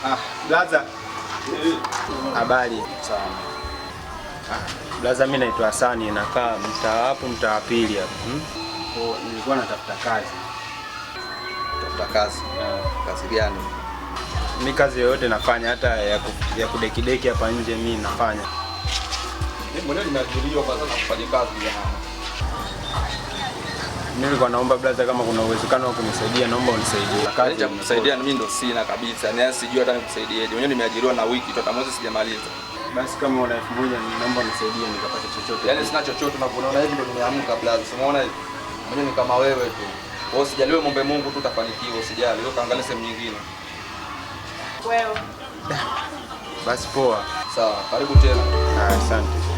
Ah, blaza. Habari sana. Ah, blaza mimi naitwa Hasani nakaa mtaa hapo mtaa wa pili hapo. Hmm? Oh, nilikuwa natafuta kazi. Tafuta kazi. Yeah. Kazi gani? Mimi kazi yoyote nafanya hata ya, ku, ya kudekideki hapa nje mimi nafanya. Mimi mwenyewe nimeajiriwa kwa sasa kufanya kazi ya nilikuwa naomba brother, kama kuna uwezekano wa kunisaidia, naomba unisaidie. Kazi ya kusaidia mimi ndo sina kabisa, na yaani sijui hata nikusaidiaje. Mwenyewe nimeajiriwa na wiki tu, hata mwezi sijamaliza. Basi kama una elfu moja naomba unisaidie nikapate chochote. Yaani sina chochote, na unaona hivi ndo nimeamka brother, unaona hivi mwenyewe ni kama wewe tu. Wewe usijaliwe, muombe Mungu tu utafanikiwa, usijali wewe, kaangalia sehemu nyingine wewe. Basi poa, sawa, karibu tena. Asante. Ah,